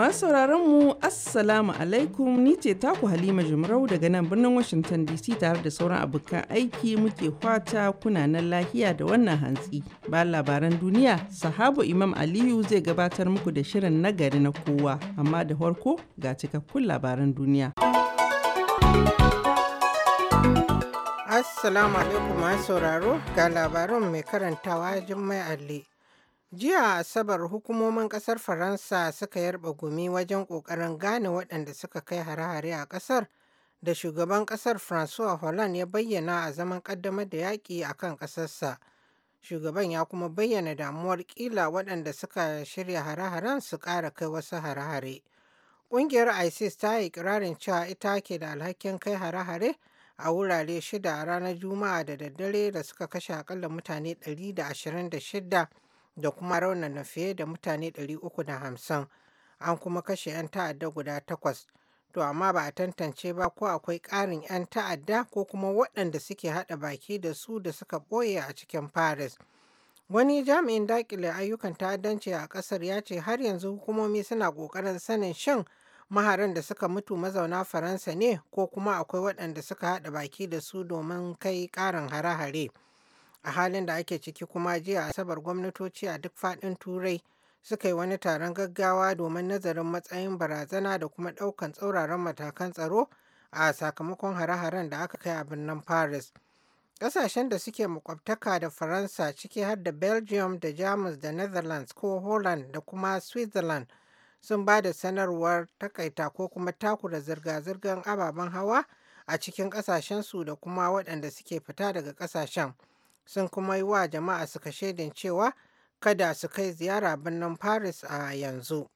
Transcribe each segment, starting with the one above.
Masu sauraron mu Assalamu alaikum ni ce taku Halima Jumrau daga nan birnin Washington DC tare da sauran abokan aiki muke kwata kuna nan lahiya da wannan hantsi. Ba labaran duniya, sahabu Imam Aliyu zai gabatar muku da shirin nagari na kowa, amma da farko ga cikakkun labaran duniya. Assalamu alaikum masu sauraro ga labaran mai karantawa Jummai Ali. Jiya Asabar hukumomin ƙasar Faransa suka yarba gumi wajen ƙoƙarin gane waɗanda suka kai hare-hare a ƙasar da shugaban ƙasar Francois Hollande ya bayyana a zaman ƙaddamar da yaƙi a kan ƙasarsa. Shugaban ya kuma bayyana damuwar ƙila waɗanda suka shirya hare-haren su ƙara kai wasu hare-hare. Ƙungiyar ISIS ta yi ƙirarin cewa ita ke da alhakin kai hare-hare a wurare shida a ranar Juma'a da daddare da suka kashe akalla mutane ɗari da da ashirin shida. da kuma raunana fiye da mutane 350 an kuma kashe 'yan ta'adda guda takwas to amma ba a tantance ba ko akwai ƙarin 'yan ta'adda ko kuma waɗanda suke haɗa baki da su da suka ɓoye a cikin paris wani jami'in dakile ayyukan ta'addanci a ƙasar ya ce har yanzu hukumomi suna ƙoƙarin sanin shin maharan da suka mutu mazauna faransa ne ko kuma akwai waɗanda suka haɗa baki da su domin kai ƙarin hare-hare. a halin da ake ciki kuma jiya asabar gwamnatoci a duk faɗin turai suka yi wani taron gaggawa domin nazarin matsayin barazana da kuma ɗaukan tsauraran matakan tsaro a sakamakon hare-haren da aka kai a birnin paris ƙasashen da suke makwabtaka da faransa ciki har da belgium da jamus da netherlands ko holland da kuma switzerland sun ba da sanarwar takaita ko kuma takura zirga-zirgar ababen hawa a cikin ƙasashensu da kuma waɗanda suke fita daga ƙasashen. sun kuma yi wa jama'a suka shaidin cewa kada su kai ziyara birnin Paris a yanzu.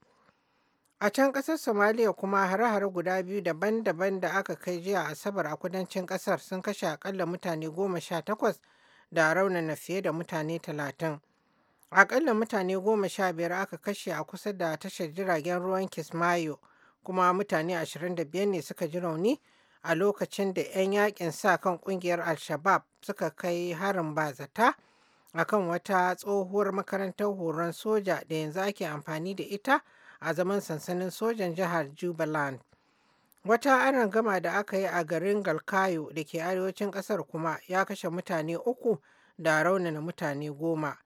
A can ƙasar somaliya kuma hare-hare guda biyu daban-daban da aka kai jiya Asabar a kudancin ƙasar sun kashe akalla mutane goma sha takwas da raunana fiye da mutane talatin. Akalla mutane goma sha biyar aka kashe a kusa da tashar jiragen ruwan Kismayo kuma mutane ashirin da biyar ne suka ji rauni a lokacin da 'yan yakin sa kan kungiyar al-shabab suka kai harin bazata a kan wata tsohuwar makarantar horon soja da yanzu ake amfani da ita a zaman sansanin sojan jihar jubaland wata gama da aka yi a garin galkayo da ke arewacin kasar kuma ya kashe mutane uku da raunana mutane goma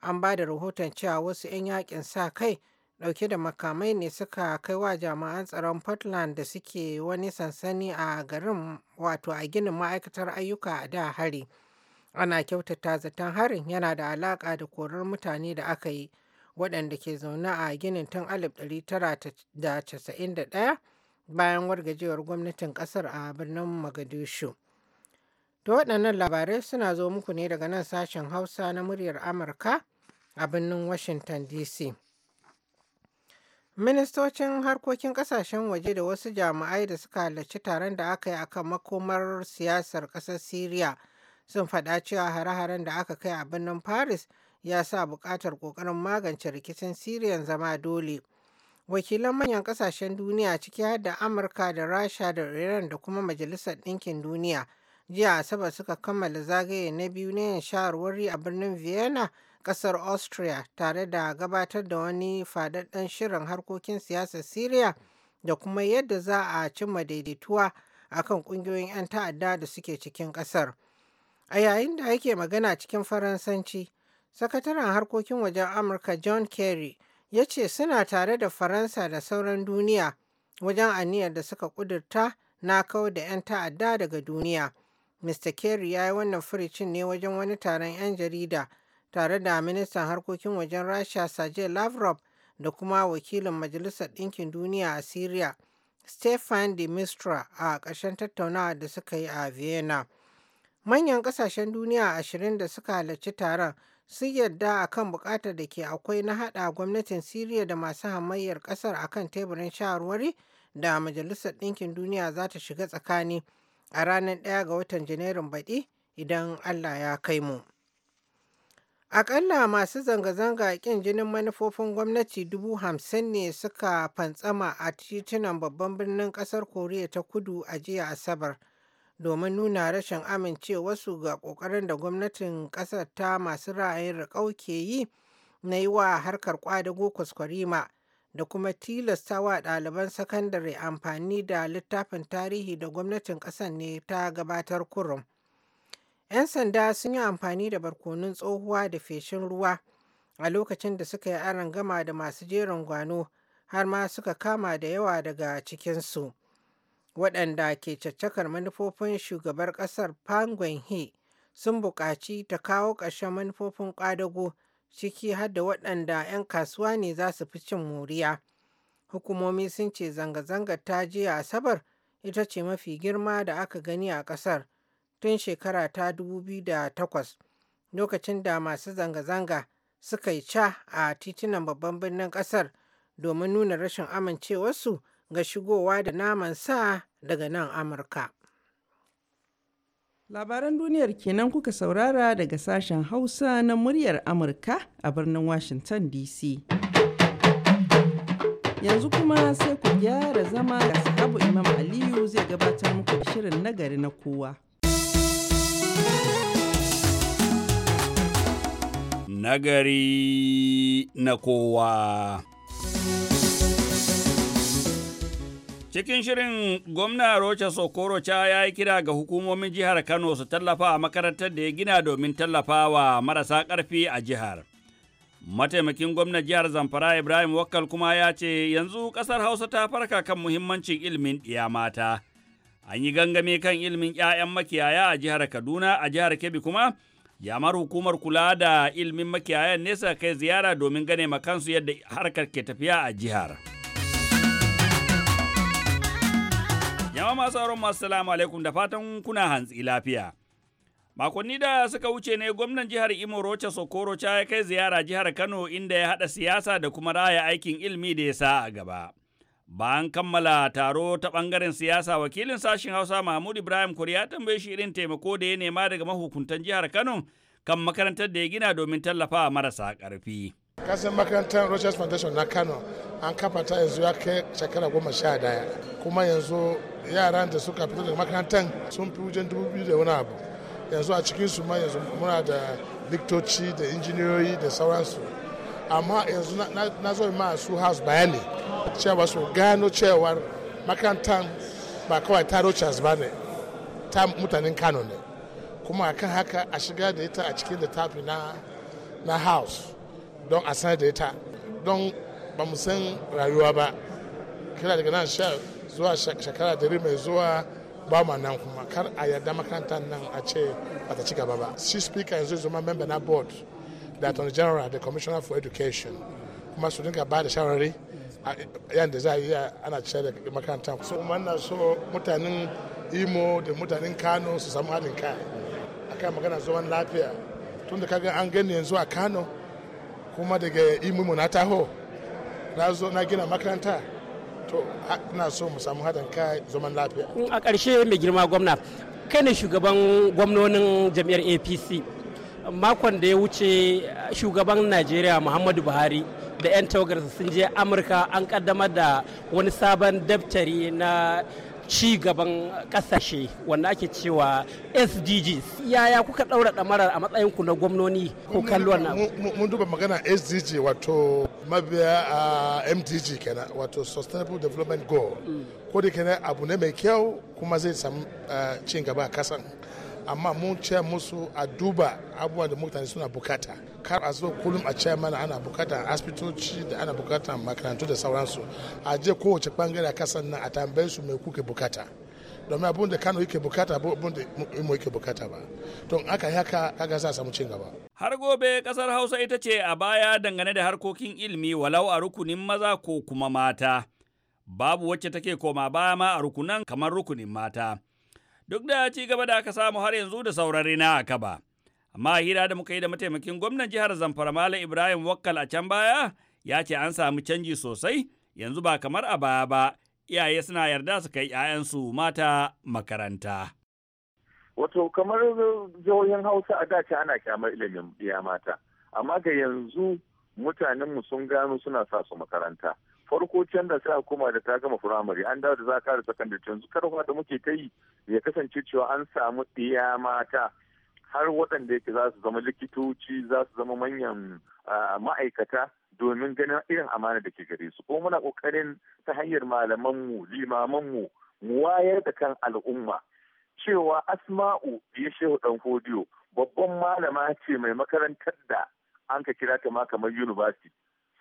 an ba da rahoton cewa wasu 'yan yakin sa kai dauke da makamai ne suka kai wa jami'an tsaron Portland da suke wani sansani a garin wato a ginin ma'aikatar ayyuka a da hari. Ana kyautata zaton harin yana da alaka da korar mutane da aka yi waɗanda ke zaune a ginin tun 1991 bayan wargajewar gwamnatin ƙasar a birnin Mogadishu. To waɗannan labarai suna zo muku ne daga nan sashen Hausa na muryar Amurka a birnin Washington DC. Ministocin harkokin kasashen waje da wasu jami'ai da suka halarci taron da aka yi akan makomar siyasar ƙasar Siriya sun faɗa cewa hare-haren da aka kai a birnin Paris ya sa buƙatar ƙoƙarin magance rikicin Siriyan zama dole. Wakilan manyan ƙasashen duniya ciki har da Amurka da Rasha da Iran da kuma Majalisar Ɗinkin Duniya jiya Asabar suka kammala zagaye na biyu na yin shawarwari a birnin Vienna kasar austria tare da gabatar da wani fadadden shirin harkokin siyasar syria da kuma yadda za a cimma daidaituwa kan kungiyoyin 'yan ta'adda da suke cikin kasar a yayin da yake magana cikin faransanci sakataren harkokin wajen amurka john kerry ya ce suna tare da faransa da sauran duniya wajen aniyar da suka kudurta na kawo da 'yan ta'adda daga duniya mr kerry ya yi wannan furicin ne wajen wani taron 'yan jarida tare da ministan harkokin wajen rasha sergei lavrov da kuma wakilin majalisar ɗinkin duniya a syria stefan de mistra a ƙarshen tattaunawa da suka yi a vienna manyan ƙasashen duniya ashirin da suka halarci taron sun yarda a kan buƙatar da ke akwai na haɗa gwamnatin syria da masu hamayyar ƙasar a kan teburin shawarwari da majalisar ɗinkin duniya za ta shiga tsakani a ranar 1 ga watan janairun baɗi idan allah ya kai mu. Akalla masu zanga-zanga ƙin jinin manufofin gwamnati dubu hamsin ne suka fantsama a titunan babban birnin ƙasar Koriya ta kudu a jiya Asabar domin nuna rashin amincewarsu ga ƙoƙarin da gwamnatin ƙasar ta masu ra'ayin riƙau ke yi na yi wa harkar ƙwadago kwaskwarima da kuma tilasta wa ɗaliban sakandare amfani da littafin tarihi da gwamnatin ƙasar ne ta gabatar kurum. ‘Yan sanda sun yi amfani da barkonon tsohuwa da feshin ruwa a lokacin da suka yi aron gama da masu jerin gwano har ma suka kama da yawa daga cikinsu. Waɗanda ke caccakar manufofin shugabar ƙasar pangwen He sun buƙaci ta kawo ƙarshen manufofin ƙwadago ciki har da waɗanda 'yan kasuwa ne za su fi cin moriya. Hukumomi sun ce zanga-zangar ta jiya Asabar ita ce mafi girma da aka gani a ƙasar. tun shekara ta 2008 lokacin da masu zanga-zanga suka yi ca a titunan babban birnin kasar domin nuna rashin amincewarsu ga shigowa da naman sa daga nan Amurka. Labaran duniyar kenan kuka saurara daga sashen Hausa na muryar Amurka a birnin Washington DC. Yanzu kuma sai ku gyara zama ga sahabu Imam Aliyu zai gabatar muku shirin nagari na kowa. nagari na kowa. Cikin shirin gwamna Rocha cha ya yi kira ga hukumomin jihar Kano su tallafa a makarantar da ya gina domin tallafa wa marasa ƙarfi a jihar. Mataimakin Gwamna jihar Zamfara Ibrahim Wakkal kuma ya ce yanzu ƙasar Hausa ta farka kan muhimmancin ilimin ɗiya mata. An yi gangame kan ilimin ‘ya'yan makiyaya a jihar Kaduna a jihar Kebbi kuma Yamar hukumar kula da ilmin makiyayan nesa kai ziyara domin gane makansu yadda harkar ke tafiya a jihar. Yawa masu auren masu salamu alaikum da fatan kuna hantsi lafiya. Makonni da suka wuce ne gwamnan jihar Imo Rocha Sokoro ya kai ziyara jihar Kano inda ya haɗa siyasa da kuma raya aikin ilimi da ya sa a gaba. Bayan kammala taro ta bangaren siyasa wakilin sashen Hausa Mahmud Ibrahim Kuri ya tambaye shi irin taimako da ya nema daga mahukuntan jihar Kano kan makarantar da ya gina domin tallafa marasa karfi. Kasan makarantar Rochers Foundation na Kano an kafa ta yanzu ya kai shekara goma sha daya kuma yanzu yaran da suka fito daga makarantar sun fi wujen dubu biyu da wani abu yanzu a cikin su ma yanzu muna da liktoci da injiniyoyi da sauransu amma yanzu na zo ma su house bayani cewa su gano cewar makarantar ba kawai ta rochas ba ne ta mutanen kano ne kuma kan haka a shiga da ita a cikin da tafi na house don a sanar da ita don ba san rayuwa ba kira daga nan sha zuwa shekara dari mai zuwa ba ma nan kuma kar a yarda makarantar nan a ce ba ta ci gaba ba shi speaker yanzu zama member na board The attorney general the commissioner for education kuma su dinga ba da shawarwari da za a yi ana cire da makaranta so kuma na so mutanen imo da mutanen kano su samu haɗin kai akan magana zuwan lafiya tun da kaga an gani yanzu a kano kuma daga imo na taho na zo na gina makaranta to ina so mu samu haɗin kai zaman lafiya a ƙarshe mai girma gwamna kai ne shugaban gwamnonin jam'iyyar apc makon da ya wuce shugaban najeriya muhammadu buhari da 'yan tawagarsa sun je amurka an kaddamar da wani sabon daftari na ci gaban kasashe wanda ake cewa sdgs yaya kuka ɗaura damarar a matsayinku na gwamnoni ko kallon na mun duba magana sdg wato mabiya a ah, mdg kenan wato sustainable development goal mm. ko da kenan abu ne mai kyau kuma zai samu ah, cin gaba a kasan amma mun ce musu a duba abubuwan da mutane suna bukata kar a zo kullum a ce mana ana a asibitoci da ana a makarantu da sauransu a je kowace bangare a kasan nan a tambaye su mai kuke bukata domin abin da kano yake bukata abin da imo yake bukata ba to aka haka kaga za a samu cin gaba har gobe kasar hausa ita ce a baya dangane da harkokin ilimi walau a rukunin maza ko kuma mata babu wacce take koma baya ma a rukunan kamar rukunin mata duk da ci gaba da aka samu har yanzu da saurare na aka ba. Amma hira da muka yi da mataimakin gwamnan jihar Zamfara Malam Ibrahim Wakkal a can baya ya ce an samu canji sosai yanzu ba kamar a baya ba iyaye suna yarda su kai 'ya'yansu mata makaranta. Wato kamar jihohin Hausa a dace ana kyamar ilimin ya mata, amma ga yanzu mutanenmu sun gano suna sa su makaranta. farko can da sai a koma da ta gama firamare an dawo da za ka da sakandare yanzu kar da muke ta yi ya kasance cewa an samu ɗiya mata har waɗanda yake za su zama likitoci za su zama manyan ma'aikata domin ganin irin amana da ke gare su ko muna kokarin ta hanyar malamanmu limamanmu mu wayar da kan al'umma cewa asma'u ya shehu ɗan hodiyo babban malama ce mai makarantar da an ka kira ta ma kamar university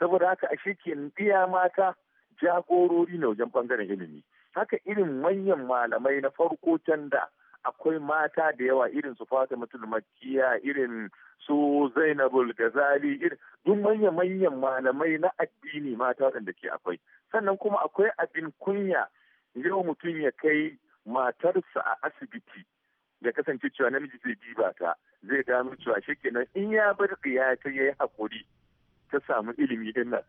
saboda haka a shekin biya mata jagorori ne wajen bangaren ilimi haka irin manyan malamai na farko can da akwai mata da yawa irin su Fatima Makiya irin su Zainabul Gazali irin duk manyan manyan malamai na addini mata waɗanda ke akwai sannan kuma akwai abin kunya yau mutum ya kai matarsa a asibiti ya kasance cewa namiji zai diba ta zai gano cewa shi kenan in ya bar ya ta yayi hakuri ta samu ilimi din nan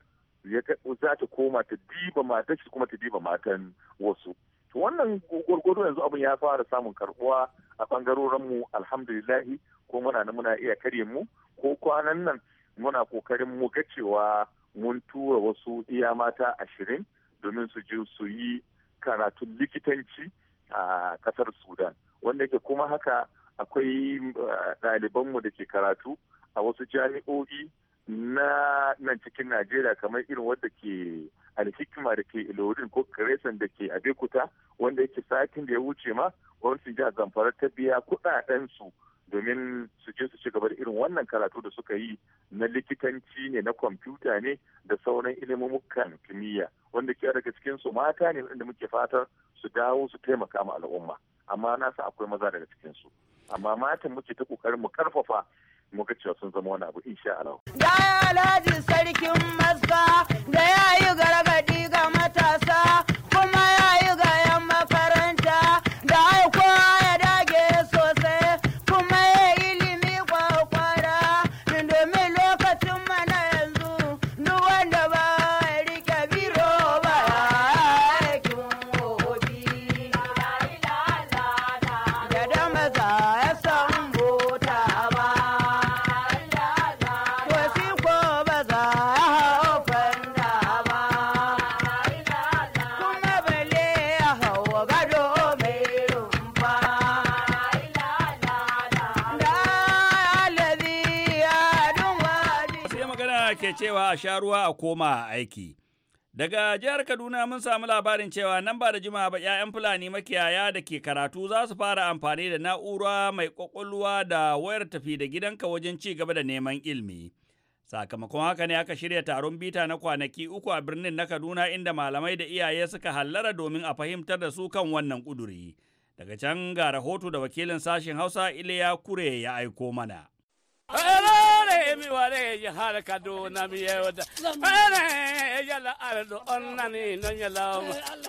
za ta koma ta diba matan shi kuma ta diba matan wasu to wannan gwargwado yanzu abin ya fara samun karbuwa a bangarorin mu alhamdulillahi ko muna nan muna iya kare mu ko kwanan nan muna kokarin mu ga cewa mun tura wasu iya mata ashirin domin su je su yi karatun likitanci a kasar sudan wanda yake kuma haka akwai eh, ɗalibanmu da ke karatu a wasu jami'o'i na nan cikin najeriya kamar irin wadda ke alhikima da ke ilorin ko karesan da ke abekuta wanda yake satin da ya wuce ma wani su ja zamfara ta biya kuɗaɗen domin su je su ci gaba da irin wannan karatu da suka yi na likitanci ne na kwamfuta ne da sauran ilimin kimiyya wanda ke daga cikin su mata ne wanda muke fatar su dawo su taimaka ma al'umma amma na akwai maza daga cikin su amma matan muke ta kokarin mu karfafa muka cewa sun zama wani abu insha Allah. Ya sarkin maska da ya yi gargadi. ke cewa a sha ruwa a koma a aiki. Daga jihar Kaduna mun samu labarin cewa nan ba da jima ba 'ya'yan Fulani makiyaya da ke karatu za su fara amfani da na'ura mai ƙwaƙwalwa da wayar tafi da gidanka wajen ci gaba da neman ilimi. Sakamakon haka ne aka shirya taron bita na kwanaki uku a birnin na Kaduna inda malamai da iyaye suka hallara domin a fahimtar da su kan wannan ƙuduri. Daga can ga rahoto da wakilin sashen Hausa Iliya Kure ya aiko mana. mi ware ya har na mi ara e ya la ardo onnani no ya la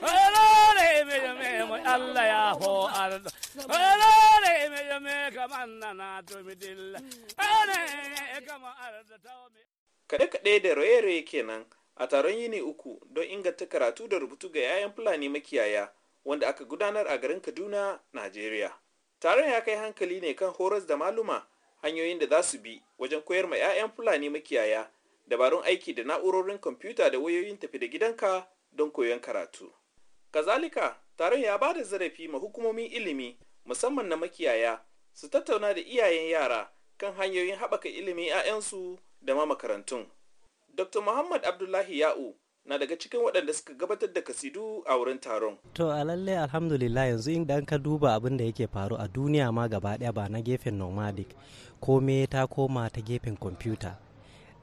ara ere mi yo me mo alla ya ho ara do ara ere mi yo me ka kamanna na to mi dilla ere kama ardo tawo mi kaɗe-kaɗe da raye-raye kenan a taron yini uku don inganta karatu da rubutu ga 'ya'yan fulani makiyaya wanda aka gudanar a garin kaduna nigeria taron ya kai hankali ne kan horas da maluma hanyoyin da za su bi wajen koyar ma 'ya'yan fulani makiyaya dabarun aiki da na'urorin kwamfuta da wayoyin tafi da gidanka don koyon karatu kazalika taron ya ba da zarafi ma hukumomin ilimi musamman na makiyaya su tattauna da iyayen yara kan hanyoyin haɓaka ilimin 'ya'yansu da ma makarantun dr muhammad abdullahi ya'u na daga cikin waɗanda suka gabatar da kasidu a wurin taron. To a lalle alhamdulillah yanzu in dan ka duba abin da yake faru a duniya ma gaba ɗaya ba na gefen nomadic ko me ta koma ta gefen kwamfuta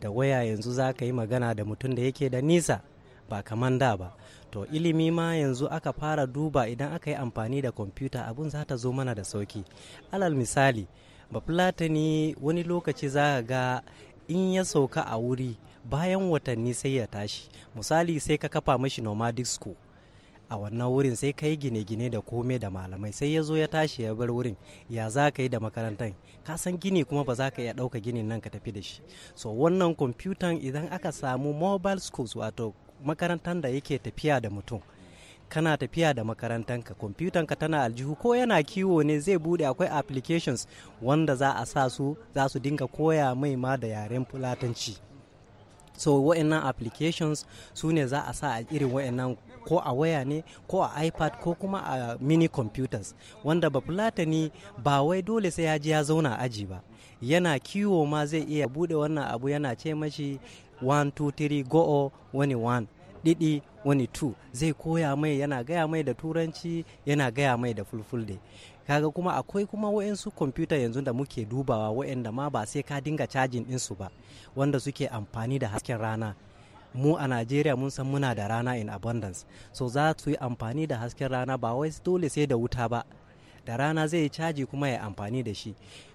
da waya yanzu za ka yi magana da mutum da yake da nisa ba kaman da ba to ilimi ma yanzu aka fara duba idan aka yi amfani da kwamfuta abun za ta zo mana da sauki alal misali ba fulatani wani lokaci za ga in ya sauka a wuri bayan watanni sai ya tashi misali sai ka kafa mashi nomadic school a wannan wurin sai ka yi gine-gine da kome da malamai sai ya zo ya tashi ya bar wurin ya za ka yi da makarantar ka san gini kuma ba za ka iya ɗauka ginin nan ka tafi da shi so wannan kwamfutan idan aka samu mobile schools wato makarantar da yake tafiya da mutum kana tafiya da makarantanka ka tana aljihu ko yana kiwo ne zai bude akwai applications wanda za a sa su za su dinga koya mai ma da yaren fulatanci so wa'annan applications su ne za a sa a irin wa'annan ko a waya ne ko a ipad ko kuma a mini computers wanda ba ni ba wai dole sai ya ji ya zauna aji ba yana kiwo ma zai iya bude wannan abu yana ce mashi 1 2 3 go wani 1 didi wani 2 zai koya mai yana gaya mai da turanci yana gaya mai da fulfulde kaga kuma akwai kuma wayansu kwamfuta yanzu da muke dubawa wayanda ma ba sai ka dinga cajin ɗinsu ba wanda suke amfani da hasken rana mu a najeriya mun san muna da rana in abundance so za su yi amfani da hasken rana ba wai dole sai da wuta ba da rana zai caji kuma ya amfani da shi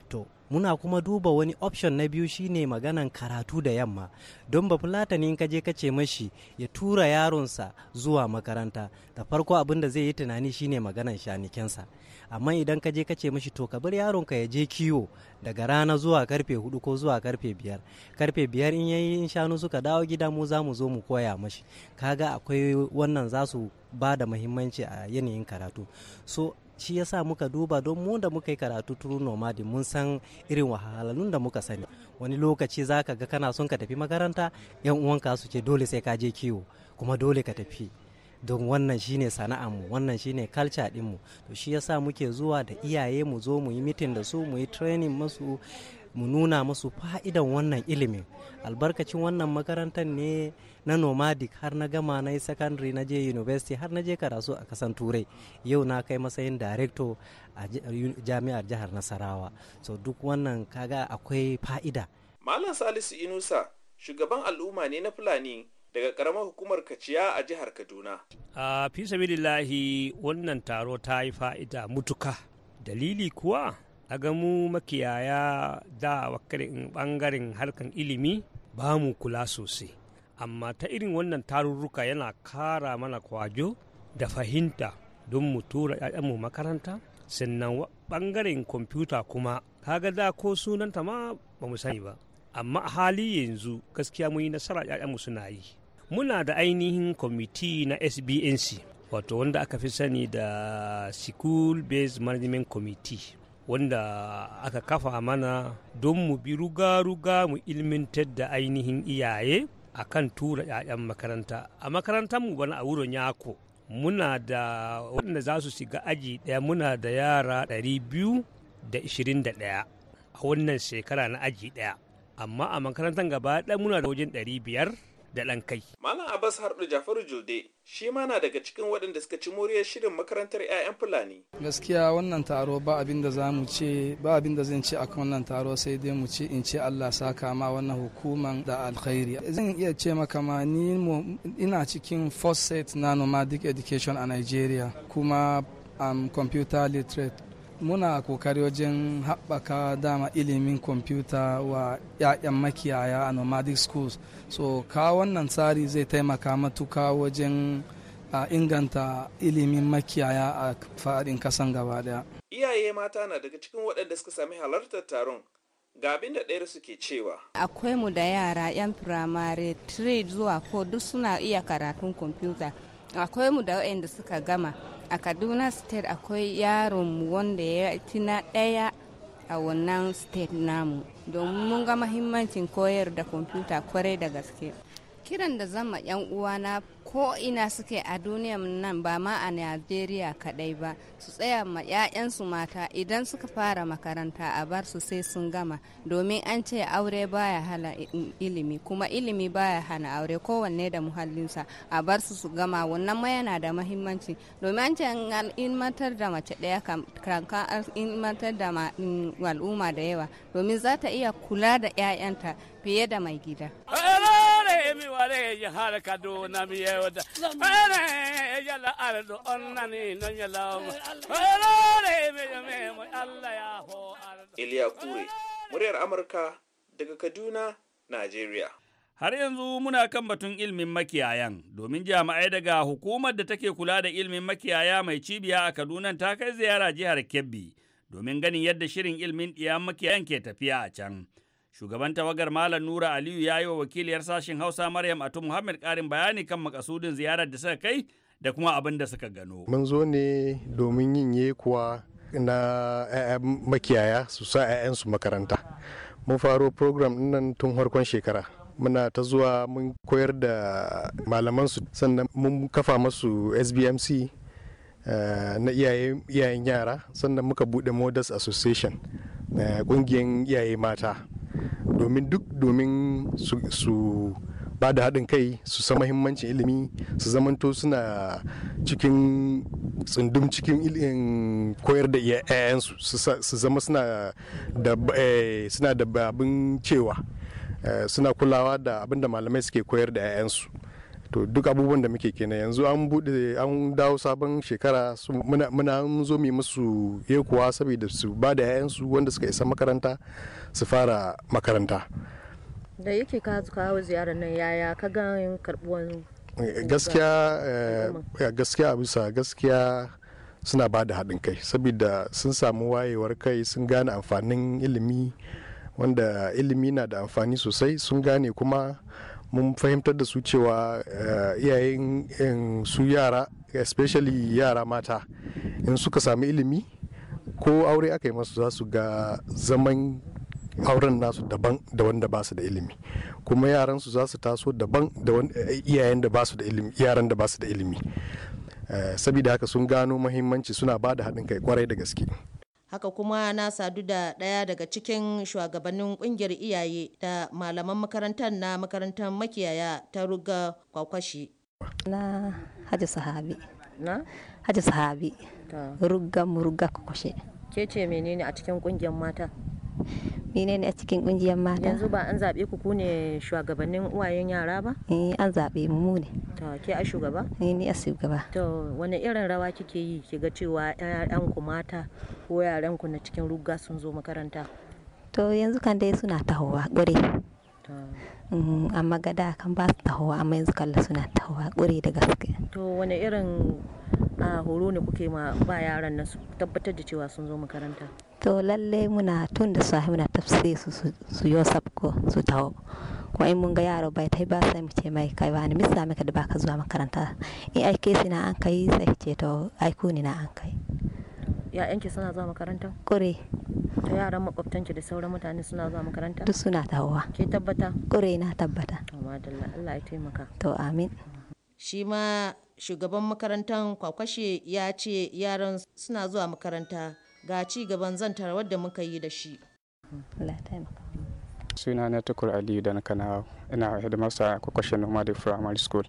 to muna kuma duba wani option na biyu shine maganan karatu da yamma don ba ne in ka je ka ce mashi ya tura yaronsa zuwa makaranta da farko abin da zai yi tunani shine maganan shanikensa amma idan ka je ka ce mashi to ka bar yaronka ya je kiwo daga rana zuwa karfe hudu ko zuwa karfe biyar karfe biyar in yayi in shanu suka dawo gida mu za mu zo mu koya mashi kaga akwai wannan za su ba da muhimmanci a yanayin karatu so shi sa muka duba don mu da muka yi karatu turu nomadi mun san irin wahalhalun da muka sani wani lokaci za ka ga kana son ka tafi makaranta yan uwanka su ce dole sai ka je kiwo kuma dole ka tafi don wannan shine sana'anmu wannan shine kalca dinmu to shi yasa muke zuwa da iyaye mu zo mu yi mitin da su mu yi training masu mu nuna musu fa'idan wannan ilimin albarkacin wannan makarantar ne na nomadic har na gama na yi secondary na je university har na je karatu a kasan turai yau na kai matsayin director a jami'ar jihar nasarawa so duk wannan kaga akwai fa'ida malam salisu inusa shugaban al'umma ne na fulani daga karamar hukumar kaciya a jihar kaduna a fi wannan taro ta yi fa'ida mutuka dalili kuwa a ga mu makiyaya da bangaren harkan ilimi ba mu kula sosai amma ta irin wannan tarurruka yana kara mana kwajo da fahimta don mu tura mu makaranta sannan bangaren kwamfuta kuma kaga da ko sunanta ma ba mu sani ba amma a hali yanzu gaskiya mun yi nasara mu suna yi muna da ainihin kwamiti na sbnc wato wanda aka fi sani da school based management committee wanda aka kafa mana don mu bi ruga-ruga mu ilmintar da ainihin iyaye a kan tura 'ya'yan makaranta a makarantar mu bana a wurin yako muna da wanda za su shiga aji ɗaya muna da yara 221 a wannan shekara na aji ɗaya amma a makarantar gaba ɗaya muna da wajen 500 da ɗan kai Malam Abbas Hardu Jafaru jude shi ma na daga cikin waɗanda suka ci moriyar shirin makarantar 'ya'yan Fulani. Gaskiya wannan taro ba abin da za ce ba abin da zan ce a wannan taro sai dai mu ce in ce Allah saka ma wannan hukuman da alkhairi. Zan iya ce maka ma ni ina cikin first set na nomadic education a Nigeria kuma am um, computer literate muna kokari wajen haɓaka dama ilimin kwamfuta wa 'ya'yan makiyaya a nomadic schools so ka wannan tsari zai taimaka matuka wajen a inganta ilimin makiyaya a faɗin kasan gaba daya iyaye mata na daga cikin waɗanda suka sami halartar taron ga abin da ɗaya suke cewa akwai mu da yara 'yan firamare 3 zuwa 4 duk suna iya karatun kwamfuta akwai mu da waɗanda suka gama a kaduna state akwai yaron wanda ya tina ɗaya a wannan state namu domin mun ga mahimmancin koyar da kwamfuta kwarai da gaske kiran da zama yan uwana ko ina suke a duniyar nan ba ma a najeriya kadai ba su tsaya ma 'ya'yansu mata idan suka fara makaranta a bar su sai sun gama domin an ce aure baya hana ilimi kuma ilimi baya hana aure kowanne da muhallinsa a bar su su gama wannan ma yana da mahimmanci domin an ce an ilmantar da mace daya kankan an ilmantar da mm, al'umma da yawa domin za ta iya kula da 'ya'yanta fiye da mai gida. ware ya har kaduna mi yewda ya la ardo onnani no me me mo Allah ya ho ardo Iliya Kure muryar Amurka daga Kaduna Najeriya Har yanzu muna kan batun ilmin makiyayan, domin jami'ai daga hukumar da take kula da ilmin makiyaya mai cibiya a Kaduna ta kai ziyara jihar Kebbi, domin ganin yadda shirin ilmin ɗiya makiyayan ke tafiya a can. Shugaban tawagar Malam Nura Aliyu ya yi wa wakiliyar sashen Hausa Maryam Atu Muhammad ƙarin bayani kan makasudin ziyarar da suka kai da kuma abin da suka gano. Mun zo ne domin yin yekuwa na 'ya'yan eh, eh, makiyaya su sa 'ya'yansu makaranta. Mun faro program nan tun harkon shekara. muna ta zuwa mun koyar da malamansu sannan mun kafa masu sbmc eh, na iyayen yara sannan muka buɗe modus association ƙungiyar iyaye mata domin duk domin su ba da haɗin kai su san mahimmancin ilimi su zamanto suna cikin tsundum cikin koyar da yayansu su zama suna da eh, abin cewa eh, suna kulawa da abin da malamai suke koyar da 'ya'yansu to duk abubuwan da muke kenan yanzu an bude an dawo sabon shekara muna zo mu musu yekuwa saboda su ba da 'ya'yansu wanda suka isa makaranta su fara makaranta da yake ka kawo ziyarar nan yaya ka ga karbuwan eh, gaskiya eh, gaskiya bisa gaskiya suna ba da haɗin kai saboda sun samu wayewar kai sun gane amfanin ilimi wanda ilimi na da amfani sosai sun gane kuma mun fahimtar da su cewa eh, iyayen su yara especially yara mata in suka sami ilimi ko aure aka yi masu za su ga zaman auren nasu daban da wanda ba su da ilimi kuma yaran su za su taso daban da iyayen da ba su da ilimi yaran da ba su da ilimi eh, saboda haka sun gano mahimmanci suna ba da haɗin kai kwarai da gaske haka kuma na sadu da ɗaya daga cikin shugabannin kungiyar iyaye da malaman makarantar na makarantar makiyaya ta ruga kwakwashi na haji sahabi na haji sahabi ruga mu ruga kwashe ke ce menene a cikin kungiyar mata menene a cikin kungiyar mata yanzu ba an zaɓe ku ku ne shugabannin uwayen yara ba eh an zaɓe mu mu ne to ke a shugaba eh ni a shugaba to wani irin rawa kike yi ga cewa ƴaƴan ku mata ko yaran ku na cikin ruga sun zo makaranta to yanzu kan dai suna tahowa gure mm, amma gada kan ba su tahowa amma yanzu kallon suna tahowa gure da gaske to wani irin a ah, horo ne kuke ma ba yaran nan su tabbatar da cewa sun zo makaranta to lalle muna tun da sahi muna tafsir su su yo sabko su taho ko in mun ga yaro bai tai ba sai mu ce mai kai wani misa maka da baka zuwa makaranta in ai ke na an kai sai ce to ai ni na an kai yanke suna zuwa makaranta kure to yaran makwabtanki da sauran mutane suna zuwa makaranta duk suna tahowa ke tabbata kure na tabbata to madalla Allah ya taimaka to amin shi ma shugaban makarantar kwakwashe ya ce yaran suna zuwa makaranta ga ci gaban zantarwar da muka yi da shi suna na tukur aliyu da na kanawa, ina headmaster kwakwashe noma da primary school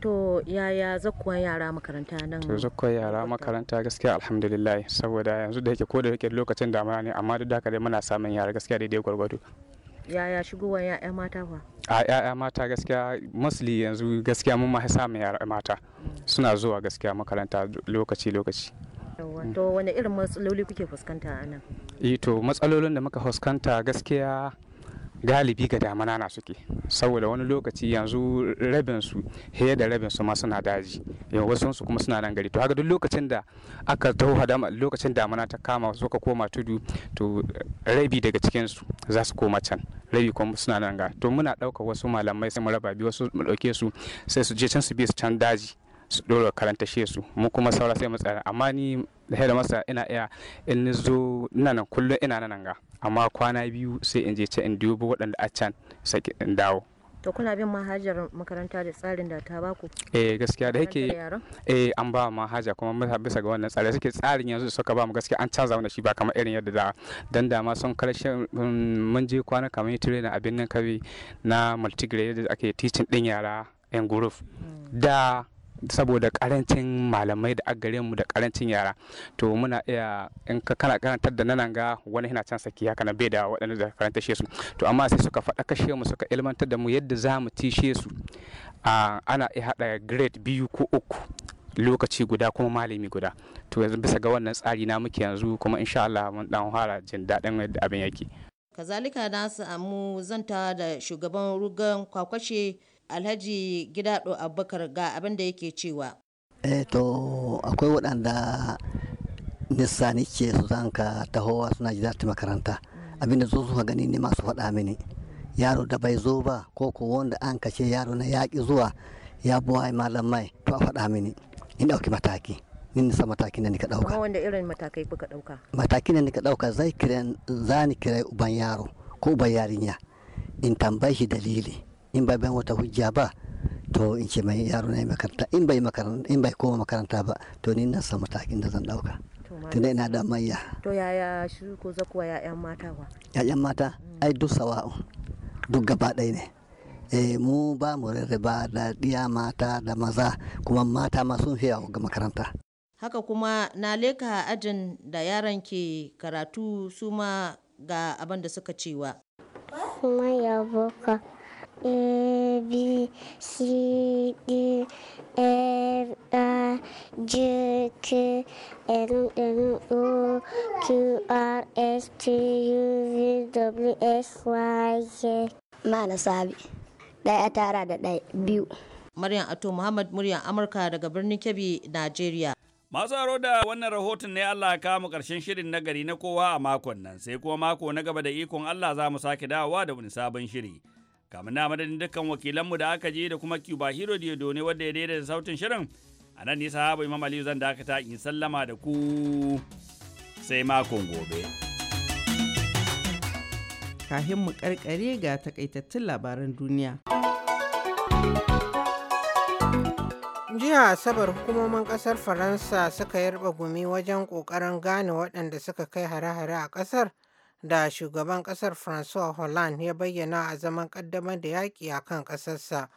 to yaya zakuwan yara makaranta nan to zakuwan yara makaranta gaskiya alhamdulillah saboda yanzu da yake ko da yake lokacin damana ne amma duk da haka dai muna samun yara gaskiya daidai gwargwado yaya shigowar ya'ya mata ba? a ya'ya mata gaskiya musli yanzu gaskiya mun ma samun yara mata suna zuwa gaskiya makaranta lokaci lokaci Mm. to wani irin matsaloli kuke fuskanta a nan eh, to matsalolin da muka fuskanta gaskiya galibi ga damana na suke saboda wani lokaci yanzu rabin su he da rabin su ma suna daji yau wasu su kuma suna nan gari to haka duk lokacin da aka tauha da lokacin damana ta kama suka koma tudu to rabi daga cikin su za su koma can rabi kuma suna nan ga to muna ɗauka wasu malamai sai mu raba biyu wasu mu ɗauke su sai su je can su bi su can daji su dora karanta shi su mu kuma saura sai mu tsara amma ni da masa ina iya in zo ina nan kullum ina nan ga amma kwana biyu sai in je can in dubo waɗanda a can sai in dawo to kuna bin mahajar makaranta da tsarin da ta baku eh gaskiya da yake eh an ba mahaja kuma mata bisa ga wannan tsari suke tsarin yanzu suka ba mu gaskiya an canza mana shi ba kamar irin yadda da dan da ma sun karshe mun je kwana kamar trainer abin nan kabi na multigrade da ake teaching din yara yan group mm. da saboda karancin malamai da agare mu da karancin yara to muna iya in ka kana karantar da nan ga wani yana can saki haka na bai da waɗanda da karanta shi su to amma sai suka faɗa kashe mu suka ilmantar da mu yadda za mu tishe su ana iya haɗa grade biyu ko uku lokaci guda kuma malami guda to yanzu bisa ga wannan tsari na muke yanzu kuma insha Allah mun dan fara jin daɗin yadda abin yake kazalika na samu zanta da shugaban rugan kwakwashe alhaji gidado abubakar ga abin da yake cewa eh to akwai waɗanda nisa nike su zanka tahowa suna gida ta makaranta abinda zo zuwa gani ne masu faɗa mini yaro da bai zo ba ko ko wanda an kace yaro na yaƙi zuwa ya buwa malam mai to a faɗa mini in ɗauki mataki ni nisa mataki da nika ɗauka. wanda irin matakai kuka ɗauka? Mataki da nika ɗauka zai kiran zani kirai uban yaro ko uban yarinya in tambayi shi dalili in bai ban wata hujja ba to in ce mai yaro na makaranta in bai makaranta in bai koma makaranta ba to ni na san matakin da zan dauka tunda ina da mayya to yaya shi ko zakuwa ya'yan mata wa ya'yan mata mm. ai duk sawa'u duk gaba ɗaya ne eh mu ba mu rarraba da diya mata da maza kuma mata ma sun fiya ga makaranta haka kuma na leka ajin da yaran ke karatu su ma ga abin da suka cewa kuma ya boka A B C D E A J K L M O Q R S T U V W X Y tara da ɗaya biyu Maryam Ato Muhammad muryar Amurka daga birnin Kebbi, Najeriya. Masu haro da wannan rahoton ne Allah ka mu ƙarshen shirin na na kowa a makon nan, sai kuma mako na gaba da ikon Allah za mu sake dawowa da wani sabon shiri. kamar na madadin dukkan wakilanmu da aka je da kuma Cuba Hero Diodo ne wanda ya daidaita sautin shirin. A nan nisa Habu Imam Aliyu zan dakata in sallama da ku sai makon gobe. Kahin mu karkare ga takaitattun labaran duniya. jiya asabar hukumomin kasar faransa suka yarba gumi wajen kokarin gane waɗanda suka kai hare-hare a kasar da shugaban kasar Francois Hollande ya bayyana a zaman kaddamar da yaƙi a kan ƙasarsa.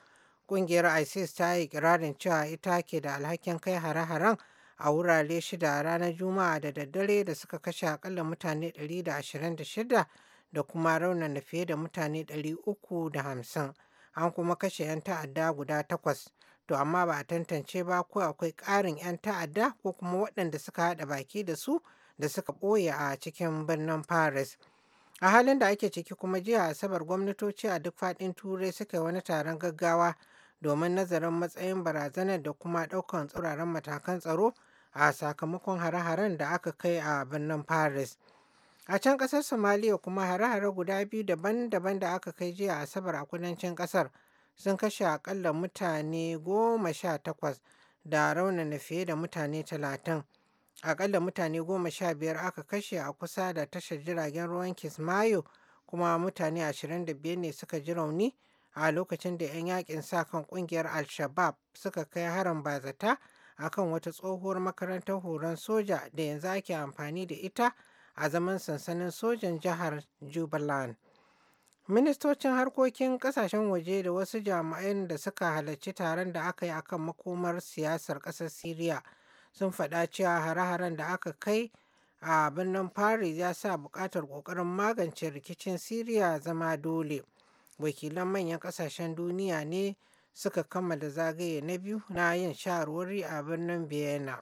Ƙungiyar ISIS ta yi ƙirarin cewa ita ke da alhakin kai hare-haren a wurare shida ranar Juma'a da daddare da suka kashe akalla mutane 126 da kuma da fiye da mutane 350. An kuma kashe 'yan ta'adda guda takwas. To amma ba a tantance ba ko akwai ƙarin 'yan ta'adda ko kuma waɗanda suka haɗa baki da su da suka ɓoye a cikin birnin Paris. A halin da ake ciki kuma jiya Asabar gwamnatoci a duk faɗin Turai suka yi wani taron gaggawa domin nazarin matsayin barazanar da kuma ɗaukan tsuraren matakan tsaro a sakamakon hare-haren da aka kai a birnin Paris. A can ƙasar Somaliya kuma hare-hare guda biyu daban-daban da aka kai jiya Asabar a kudancin ƙasar sun kashe akalla mutane goma sha takwas da raunana fiye da mutane talatin. Akalla mutane goma sha biyar aka kashe a kusa da tashar jiragen ruwan Kismayo kuma mutane ashirin da biyar ne suka ji rauni a lokacin da 'yan yakin sa kan kungiyar Al-Shabab suka kai harin bazata a kan wata tsohuwar makarantar horon soja da yanzu ake amfani da ita a zaman sansanin sojan jihar Jubaland. Ministocin harkokin kasashen waje da wasu jami'an da suka halarci taron da aka yi akan makomar siyasar ƙasar Siriya sun faɗa cewa hare-haren da aka kai a birnin paris ya sa buƙatar ƙoƙarin magance rikicin syria zama dole wakilan manyan ƙasashen duniya ne suka kammala zagaye na biyu na yin shawarwari a birnin vienna